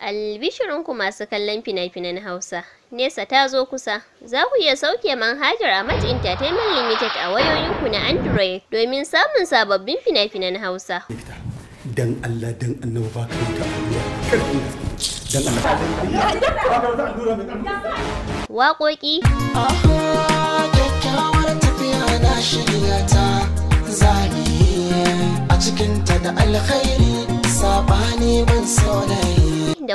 Albishirinku masu kallon fina-finan Hausa, Nesa ta zo kusa, za ku iya sauke manhajar Amat Entertainment Limited a wayoyinku na Android domin samun sababbin fina-finan Hausa. Dan Allah dan annabi ba ka da Dan Allah. Waƙoƙi. a cikinta da alkhairi sabani ban sa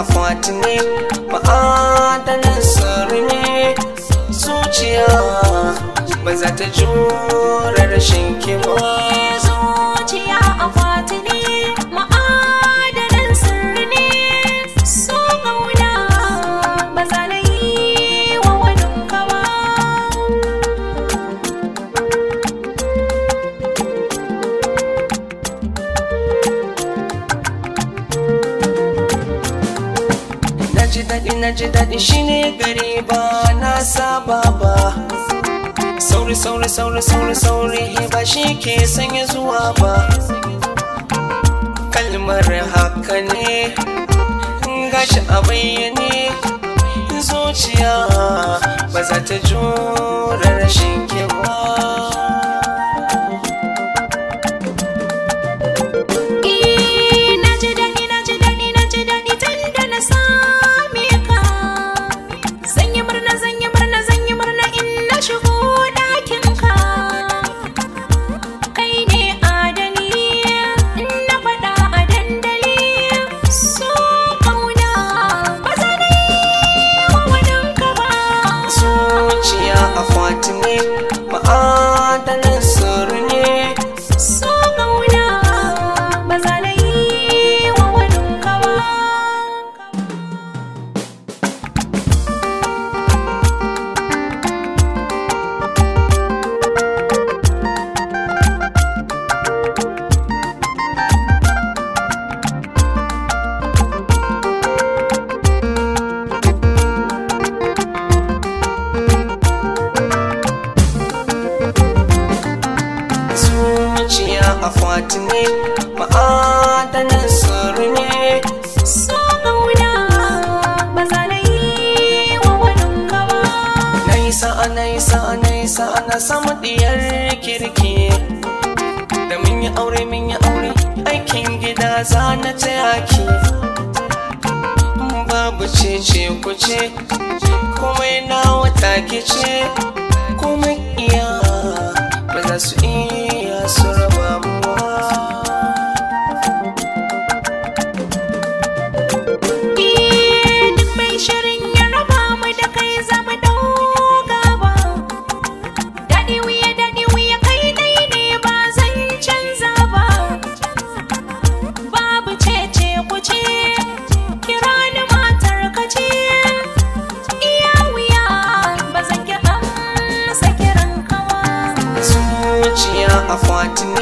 akwati ne ma'adanin sirri ne zuciya ba za ta jure rashin kima daɗi na ji daɗi shine gari ba na saba ba sauri sauri sauri sauri sauri ba shi ke sanya zuwa ba kalmar haka ne gashi a bayyane zuciya ba za ta jura rashin kewa fati ne ma'adanin sirri ne sauna ba za na yi wa wani gaba na yi sa'a na yi sa'a na yi sa'a na samu diyar kirki da mun yi aure mun yi aure aikin gida za na taya ki babu ce ce ku ce kuma na wata ke ce Kuma iya ba za su iya su raba watching